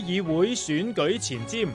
議會選舉前瞻。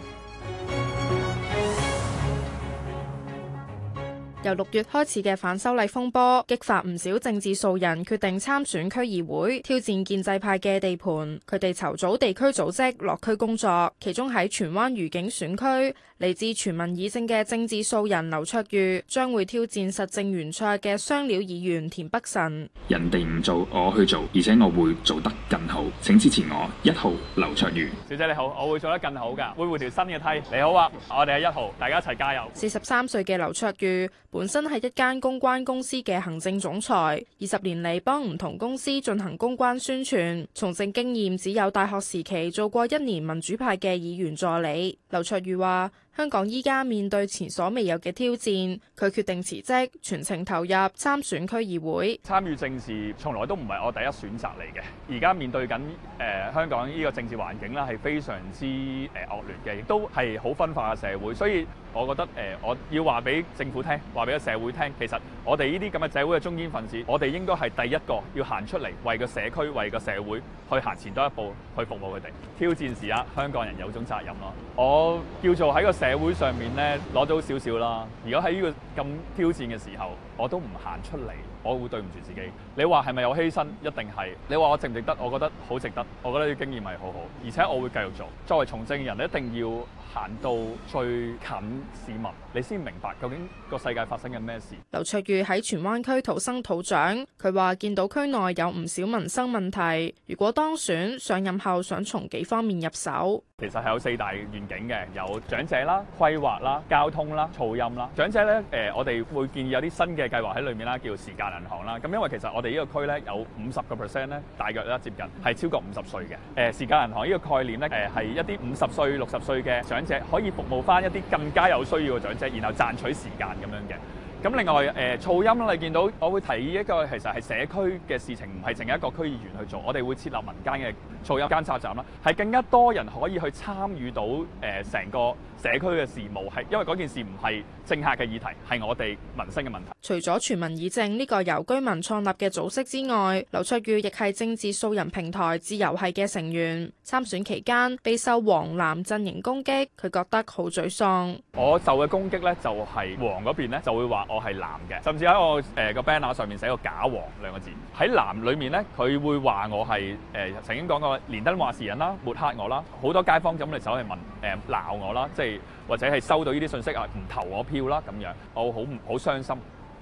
由六月開始嘅反修例風波，激發唔少政治素人決定參選區議會，挑戰建制派嘅地盤。佢哋籌組地區組織，落區工作。其中喺荃灣愉景選區，嚟自荃民議政嘅政治素人劉卓裕將會挑戰實政圓桌嘅雙料議員田北辰。人哋唔做，我去做，而且我會做得更好，請支持我一號劉卓裕。小姐你好，我會做得更好噶，會換條新嘅梯。你好啊，我哋係一號，大家一齊加油。四十三歲嘅劉卓裕。本身係一間公關公司嘅行政總裁，二十年嚟幫唔同公司進行公關宣傳。從政經驗只有大學時期做過一年民主派嘅議員助理。劉卓裕話。香港依家面對前所未有嘅挑戰，佢決定辭職，全程投入參選區議會。參與政治從來都唔係我第一選擇嚟嘅。而家面對緊誒、呃、香港呢個政治環境咧係非常之誒、呃、惡劣嘅，亦都係好分化嘅社會。所以我覺得誒、呃，我要話俾政府聽，話俾個社會聽，其實我哋呢啲咁嘅社會嘅中堅分子，我哋應該係第一個要行出嚟，為個社區，為個社會去行前多一步，去服務佢哋。挑戰時刻啊，香港人有種責任咯。我叫做喺個。社會上面咧攞到少少啦。如果喺呢個咁挑戰嘅時候，我都唔行出嚟，我會對唔住自己。你話係咪有犧牲？一定係。你話我值唔值得？我覺得好值得。我覺得啲經驗係好好，而且我會繼續做。作為從政人，你一定要，行到最近市民，你先明白究竟個世界發生緊咩事。劉卓裕喺荃灣區土生土長，佢話見到區內有唔少民生問題，如果當選上任後想從幾方面入手。其實，係有四大願景嘅，有長者啦、規劃啦、交通啦、噪音啦。長者咧，誒、呃，我哋會建議有啲新嘅計劃喺裏面啦，叫時間銀行啦。咁因為其實我哋呢個區咧有五十個 percent 咧，大約咧接近係超過五十歲嘅。誒、呃、時間銀行呢個概念咧，誒、呃，係一啲五十歲六十歲嘅。長者可以服務翻一啲更加有需要嘅長者，然後賺取時間咁樣嘅。咁另外誒、呃、噪音咧，你見到我會睇一個其實係社區嘅事情，唔係淨係一個區議員去做。我哋會設立民間嘅噪音監察站啦，係更加多人可以去參與到誒成、呃、個社區嘅事務，係因為嗰件事唔係政客嘅議題，係我哋民生嘅問題，除咗荃民議政呢、這個由居民創立嘅組織之外，劉卓裕亦係政治素人平台自由系嘅成員參選期間備受黃藍陣營攻擊。佢覺得好沮喪，我受嘅攻擊咧，就係、是、黃嗰邊咧，就會話。我係男嘅，甚至喺我誒個 banner 上面寫個假黃兩個字。喺男裏面咧，佢會話我係誒、呃、曾經講過連登話事人啦，抹黑我啦，好多街坊咁嚟走去問誒鬧、呃、我啦，即係或者係收到呢啲信息啊，唔投我票啦咁樣，我好唔好傷心？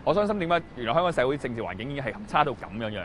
我傷心，點解原來香港社會政治環境已經係差到咁樣樣。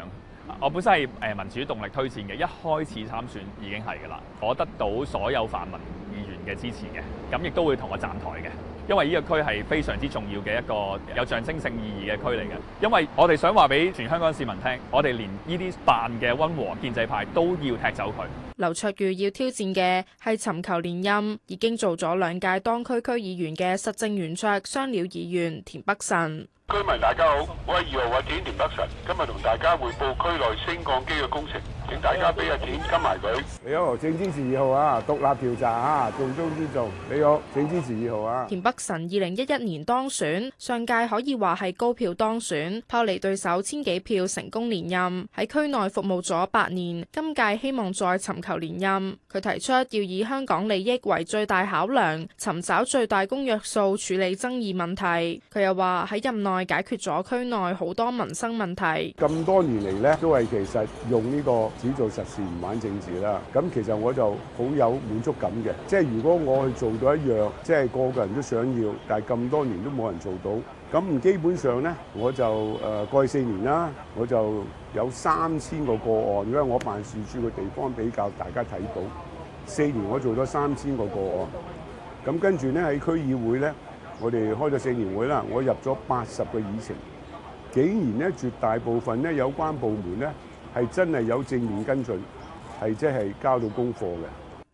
我本身係誒民主動力推薦嘅，一開始參選已經係噶啦，我得到所有泛民議員嘅支持嘅，咁亦都會同我站台嘅。因為呢個區係非常之重要嘅一個有象徵性意義嘅區嚟嘅，因為我哋想話俾全香港市民聽，我哋連呢啲扮嘅溫和建制派都要踢走佢。劉卓裕要挑戰嘅係尋求連任，已經做咗兩屆當區區議員嘅實政圓桌雙料議員田北辰。居民大家好，我係二號發展田北辰，今日同大家匯報區內升降機嘅工程，請大家俾阿展跟埋佢。你好，請支持二號啊！獨立調查啊，重中之重。你好，請支持二號啊！田北辰二零一一年當選，上屆可以話係高票當選，拋離對手千幾票成功連任，喺區內服務咗八年，今屆希望再尋求連任。佢提出要以香港利益為最大考量，尋找最大公約數處理爭議問題。佢又話喺任內。解決咗區內好多民生問題。咁多年嚟咧，都係其實用呢個只做實事，唔玩政治啦。咁其實我就好有滿足感嘅。即係如果我去做到一樣，即係個個人都想要，但係咁多年都冇人做到。咁基本上咧，我就誒、呃、過去四年啦，我就有三千個個案，因為我辦事處嘅地方比較大家睇到。四年我做咗三千個個案。咁跟住咧喺區議會咧。我哋開咗四年會啦，我入咗八十個議程，竟然呢，絕大部分呢，有關部門呢，係真係有正面跟進，係即係交到功課嘅。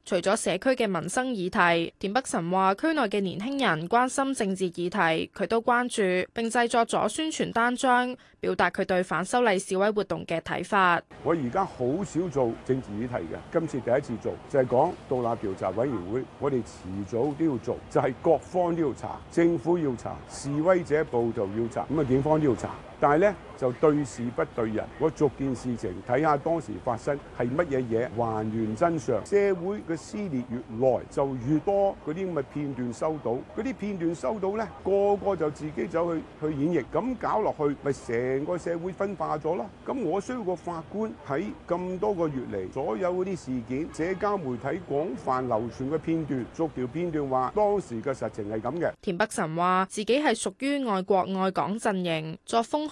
除咗社區嘅民生議題，田北辰話區內嘅年輕人關心政治議題，佢都關注，並製作咗宣傳單張，表達佢對反修例示威活動嘅睇法。我而家好少做政治議題嘅，今次第一次做，就係講獨立調查委員會，我哋遲早都要做，就係各方都要查，政府要查，示威者報道要查，咁啊警方都要查。但係咧，就對事不對人。我逐件事情睇下當時發生係乜嘢嘢，還原真相。社會嘅撕裂越嚟就越多嗰啲咁嘅片段收到，嗰啲片段收到呢，個個就自己走去去演繹，咁搞落去咪成個社會分化咗咯。咁我需要個法官喺咁多個月嚟所有嗰啲事件、社交媒體廣泛流傳嘅片段，逐條片段話當時嘅實情係咁嘅。田北辰話自己係屬於愛國愛港陣營，作風，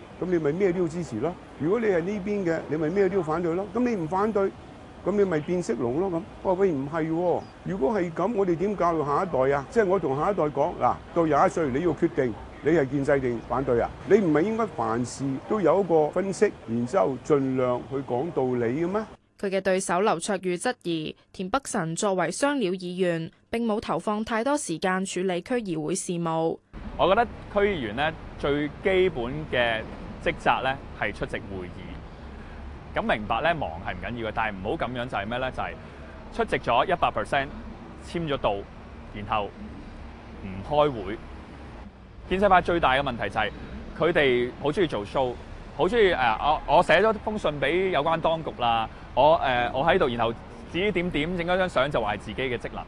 咁你咪咩都要支持咯？如果你係呢邊嘅，你咪咩都要反對咯。咁你唔反對，咁你咪變色龍咯咁。我話喂唔係喎，如果係咁，我哋點教育下一代啊？即係我同下一代講嗱，到廿一歲你要決定你係建制定反對啊？你唔係應該凡事都有個分析，然之後盡量去講道理嘅咩？佢嘅對手劉卓裕質疑田北辰作為雙料議員，並冇投放太多時間處理區議會事務。我覺得區議員咧最基本嘅。職責咧係出席會議，咁明白咧忙係唔緊要嘅，但係唔好咁樣就係咩咧？就係、是就是、出席咗一百 percent，簽咗到，然後唔開會。建制派最大嘅問題就係佢哋好中意做 show，好中意誒我我寫咗封信俾有關當局啦，我誒、呃、我喺度，然後指點點影咗張相就話係自己嘅職能。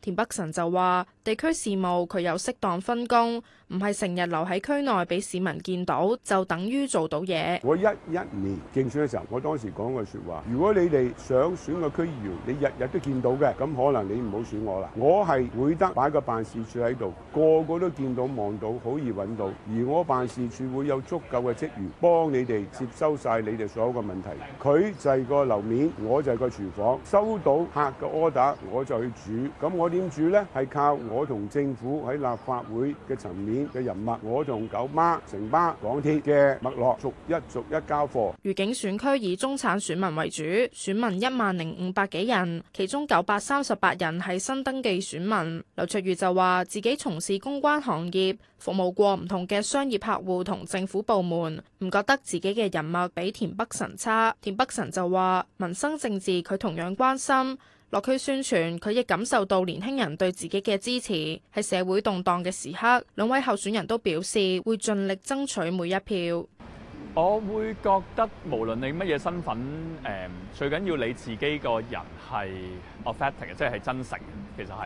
田北辰就話：地區事務佢有適當分工。唔係成日留喺區內俾市民見到，就等於做到嘢。我一一年競選嘅時候，我當時講個説話，如果你哋想選個區議員，你日日都見到嘅，咁可能你唔好選我啦。我係會得擺個辦事處喺度，個個都見到望到，好易揾到。而我辦事處會有足夠嘅職員幫你哋接收曬你哋所有嘅問題。佢就係個樓面，我就係個廚房，收到客嘅 order 我就去煮。咁我點煮咧？係靠我同政府喺立法會嘅層面。嘅人脈，我同九巴、城巴、港鐵嘅脈絡，逐一逐一交貨。愉景選區以中產選民為主，選民一萬零五百幾人，其中九百三十八人係新登記選民。劉卓裕就話：自己從事公關行業，服務過唔同嘅商業客戶同政府部門，唔覺得自己嘅人脈比田北辰差。田北辰就話：民生政治佢同樣關心。落區宣傳，佢亦感受到年輕人對自己嘅支持。喺社會動盪嘅時刻，兩位候選人都表示會盡力爭取每一票。我會覺得，無論你乜嘢身份，誒最緊要你自己個人係 authentic，即係真誠。其實係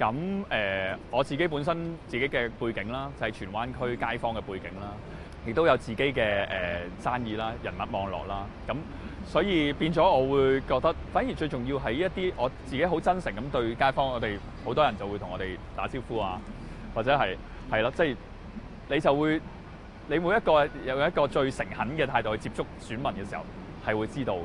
咁誒，我自己本身自己嘅背景啦，就係荃灣區街坊嘅背景啦。亦都有自己嘅誒、呃、生意啦、人物網絡啦，咁所以變咗我會覺得，反而最重要係一啲我自己好真誠咁對街坊，我哋好多人就會同我哋打招呼啊，或者係係啦，即係、就係、你就會你每一個有一個最誠懇嘅態度去接觸選民嘅時候，係會知道嘅。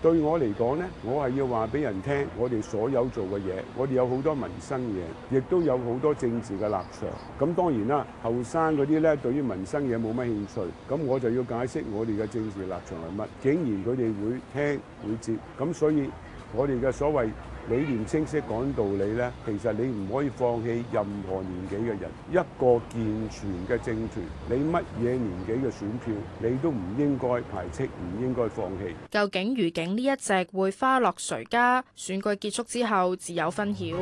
對我嚟講呢，我係要話俾人聽，我哋所有做嘅嘢，我哋有好多民生嘢，亦都有好多政治嘅立場。咁當然啦，後生嗰啲呢，對於民生嘢冇乜興趣，咁我就要解釋我哋嘅政治立場係乜。竟然佢哋會聽會接，咁所以。我哋嘅所謂理念清晰講道理呢，其實你唔可以放棄任何年紀嘅人。一個健全嘅政權，你乜嘢年紀嘅選票，你都唔應該排斥，唔應該放棄。究竟愉景呢一隻會花落誰家？選舉結束之後，自有分曉。